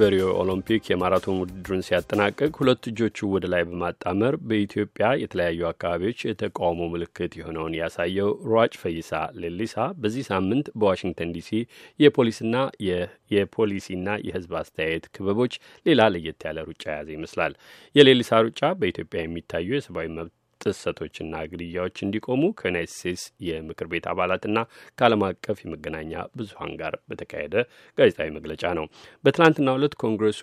በሪዮ ኦሎምፒክ የማራቶን ውድድሩን ሲያጠናቅቅ ሁለት እጆቹ ወደ ላይ በማጣመር በኢትዮጵያ የተለያዩ አካባቢዎች የተቃውሞ ምልክት የሆነውን ያሳየው ሯጭ ፈይሳ ሌሊሳ በዚህ ሳምንት በዋሽንግተን ዲሲ የፖሊስና የፖሊሲና የሕዝብ አስተያየት ክበቦች ሌላ ለየት ያለ ሩጫ የያዘ ይመስላል። የሌሊሳ ሩጫ በኢትዮጵያ የሚታዩ የሰብአዊ መብት ጥሰቶችና ግድያዎች እንዲቆሙ ከዩናይት ስቴትስ የምክር ቤት አባላትና ከዓለም አቀፍ የመገናኛ ብዙሀን ጋር በተካሄደ ጋዜጣዊ መግለጫ ነው። በትናንትናው ዕለት ኮንግረሱ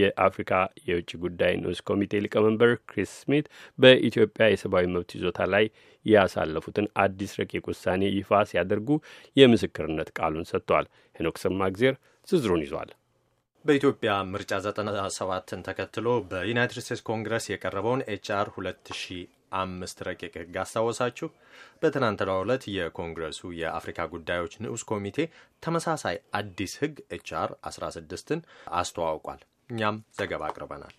የአፍሪካ የውጭ ጉዳይ ንዑስ ኮሚቴ ሊቀመንበር ክሪስ ስሚት በኢትዮጵያ የሰብአዊ መብት ይዞታ ላይ ያሳለፉትን አዲስ ረቂቅ ውሳኔ ይፋ ሲያደርጉ የምስክርነት ቃሉን ሰጥተዋል። ሄኖክ ሰማግዜር ዝርዝሩን ይዟል። በኢትዮጵያ ምርጫ 97ን ተከትሎ በዩናይትድ ስቴትስ ኮንግረስ የቀረበውን ኤችአር 2005 ረቂቅ ህግ አስታወሳችሁ። በትናንትናው ዕለት የኮንግረሱ የአፍሪካ ጉዳዮች ንዑስ ኮሚቴ ተመሳሳይ አዲስ ህግ ኤችአር 16ን አስተዋውቋል። እኛም ዘገባ አቅርበናል።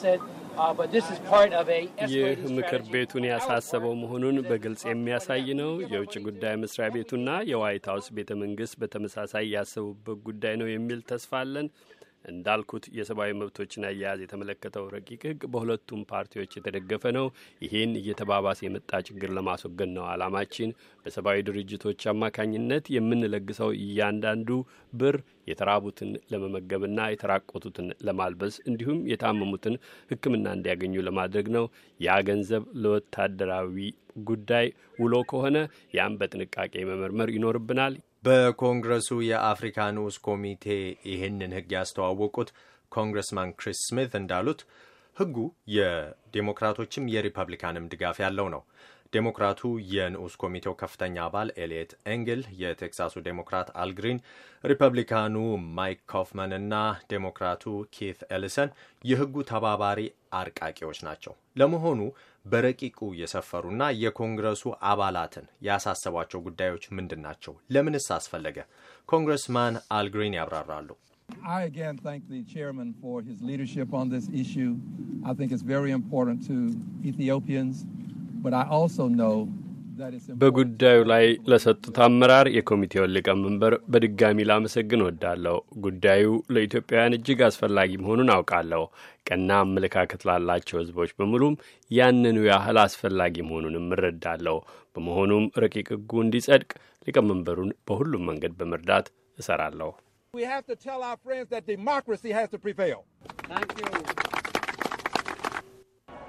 This Uh, ይህ ምክር ቤቱን ያሳሰበው መሆኑን በግልጽ የሚያሳይ ነው። የውጭ ጉዳይ መስሪያ ቤቱና የዋይት ሀውስ ቤተ መንግስት በተመሳሳይ ያሰቡበት ጉዳይ ነው የሚል ተስፋ አለን። እንዳልኩት የሰብአዊ መብቶችን አያያዝ የተመለከተው ረቂቅ ህግ በሁለቱም ፓርቲዎች የተደገፈ ነው። ይህን እየተባባሰ የመጣ ችግር ለማስወገድ ነው ዓላማችን። በሰብአዊ ድርጅቶች አማካኝነት የምንለግሰው እያንዳንዱ ብር የተራቡትን ለመመገብና የተራቆቱትን ለማልበስ እንዲሁም የታመሙትን ሕክምና እንዲያገኙ ለማድረግ ነው። ያ ገንዘብ ለወታደራዊ ጉዳይ ውሎ ከሆነ ያን በጥንቃቄ መመርመር ይኖርብናል። በኮንግረሱ የአፍሪካ ንዑስ ኮሚቴ ይህንን ህግ ያስተዋወቁት ኮንግረስማን ክሪስ ስሚት እንዳሉት ህጉ የዴሞክራቶችም የሪፐብሊካንም ድጋፍ ያለው ነው። ዴሞክራቱ የንዑስ ኮሚቴው ከፍተኛ አባል ኤልየት ኤንግል፣ የቴክሳሱ ዴሞክራት አልግሪን፣ ሪፐብሊካኑ ማይክ ኮፍመን እና ዴሞክራቱ ኬት ኤሊሰን የህጉ ተባባሪ አርቃቂዎች ናቸው። ለመሆኑ በረቂቁ የሰፈሩና የኮንግረሱ አባላትን ያሳሰቧቸው ጉዳዮች ምንድን ናቸው? ለምንስ አስፈለገ? ኮንግረስማን አልግሪን ያብራራሉ። I በጉዳዩ ላይ ለሰጡት አመራር የኮሚቴውን ሊቀመንበር በድጋሚ ላመሰግን ወዳለሁ። ጉዳዩ ለኢትዮጵያውያን እጅግ አስፈላጊ መሆኑን አውቃለሁ። ቀና አመለካከት ላላቸው ሕዝቦች በሙሉም ያንኑ ያህል አስፈላጊ መሆኑንም እረዳለሁ። በመሆኑም ረቂቅ ሕጉ እንዲጸድቅ ሊቀመንበሩን በሁሉም መንገድ በመርዳት እሰራለሁ።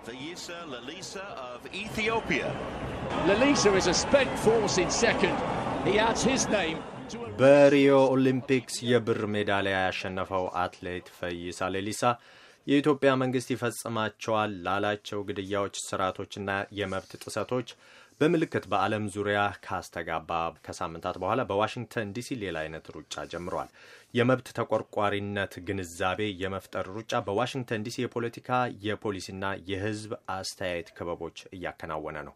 Thaisa Lalisa of Ethiopia. Lalisa is a spent force in second. He adds his name በሪዮ ኦሊምፒክስ የብር ሜዳሊያ ያሸነፈው አትሌት ፈይሳ ሌሊሳ የኢትዮጵያ መንግስት ይፈጽማቸዋል ላላቸው ግድያዎች፣ ስርዓቶችና የመብት ጥሰቶች በምልክት በዓለም ዙሪያ ካስተጋባ ከሳምንታት በኋላ በዋሽንግተን ዲሲ ሌላ አይነት ሩጫ ጀምሯል። የመብት ተቆርቋሪነት ግንዛቤ የመፍጠር ሩጫ በዋሽንግተን ዲሲ የፖለቲካ የፖሊሲና የሕዝብ አስተያየት ክበቦች እያከናወነ ነው።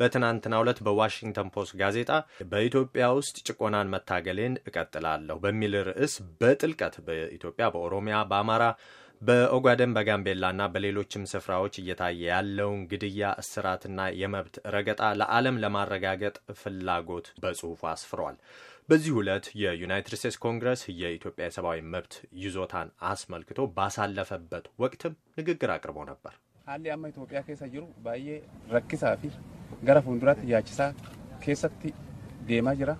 በትናንትናው ዕለት በዋሽንግተን ፖስት ጋዜጣ በኢትዮጵያ ውስጥ ጭቆናን መታገሌን እቀጥላለሁ በሚል ርዕስ በጥልቀት በኢትዮጵያ፣ በኦሮሚያ፣ በአማራ በኦጋደን በጋምቤላና በሌሎችም ስፍራዎች እየታየ ያለውን ግድያ፣ እስራትና የመብት ረገጣ ለዓለም ለማረጋገጥ ፍላጎት በጽሑፉ አስፍሯል። በዚህ ዕለት የዩናይትድ ስቴትስ ኮንግረስ የኢትዮጵያ የሰብአዊ መብት ይዞታን አስመልክቶ ባሳለፈበት ወቅትም ንግግር አቅርቦ ነበር። አንድ ያማ ኢትዮጵያ ኬሳ ጅሩ ባዬ ረኪሳ ፊ ገረ ፉንዱራት ያችሳ ዴማ ጅራ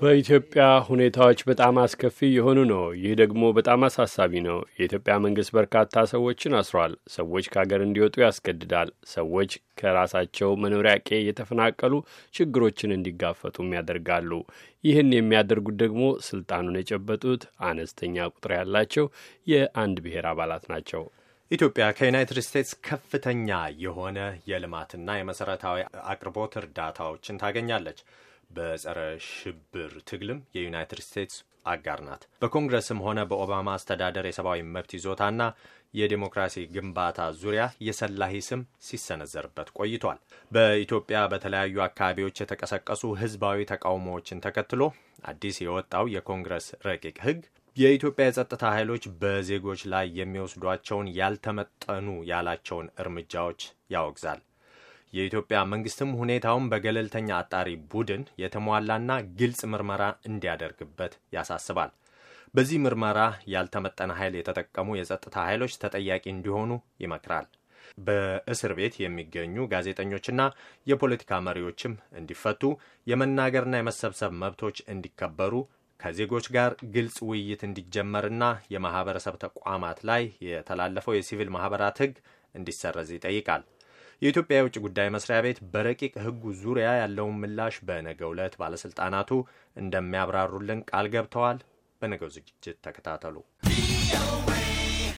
በኢትዮጵያ ሁኔታዎች በጣም አስከፊ የሆኑ ነው። ይህ ደግሞ በጣም አሳሳቢ ነው። የኢትዮጵያ መንግስት በርካታ ሰዎችን አስሯል። ሰዎች ከሀገር እንዲወጡ ያስገድዳል። ሰዎች ከራሳቸው መኖሪያ ቄ የተፈናቀሉ ችግሮችን እንዲጋፈጡም ያደርጋሉ። ይህን የሚያደርጉት ደግሞ ስልጣኑን የጨበጡት አነስተኛ ቁጥር ያላቸው የአንድ ብሔር አባላት ናቸው። ኢትዮጵያ ከዩናይትድ ስቴትስ ከፍተኛ የሆነ የልማትና የመሰረታዊ አቅርቦት እርዳታዎችን ታገኛለች። በጸረ ሽብር ትግልም የዩናይትድ ስቴትስ አጋር ናት። በኮንግረስም ሆነ በኦባማ አስተዳደር የሰብአዊ መብት ይዞታና የዴሞክራሲ ግንባታ ዙሪያ የሰላሂ ስም ሲሰነዘርበት ቆይቷል። በኢትዮጵያ በተለያዩ አካባቢዎች የተቀሰቀሱ ህዝባዊ ተቃውሞዎችን ተከትሎ አዲስ የወጣው የኮንግረስ ረቂቅ ህግ የኢትዮጵያ የጸጥታ ኃይሎች በዜጎች ላይ የሚወስዷቸውን ያልተመጠኑ ያላቸውን እርምጃዎች ያወግዛል። የኢትዮጵያ መንግስትም ሁኔታውን በገለልተኛ አጣሪ ቡድን የተሟላና ግልጽ ምርመራ እንዲያደርግበት ያሳስባል። በዚህ ምርመራ ያልተመጠነ ኃይል የተጠቀሙ የጸጥታ ኃይሎች ተጠያቂ እንዲሆኑ ይመክራል። በእስር ቤት የሚገኙ ጋዜጠኞችና የፖለቲካ መሪዎችም እንዲፈቱ፣ የመናገርና የመሰብሰብ መብቶች እንዲከበሩ ከዜጎች ጋር ግልጽ ውይይት እንዲጀመርና የማህበረሰብ ተቋማት ላይ የተላለፈው የሲቪል ማህበራት ህግ እንዲሰረዝ ይጠይቃል። የኢትዮጵያ የውጭ ጉዳይ መስሪያ ቤት በረቂቅ ህጉ ዙሪያ ያለውን ምላሽ በነገው ዕለት ባለሥልጣናቱ እንደሚያብራሩልን ቃል ገብተዋል። በነገው ዝግጅት ተከታተሉ።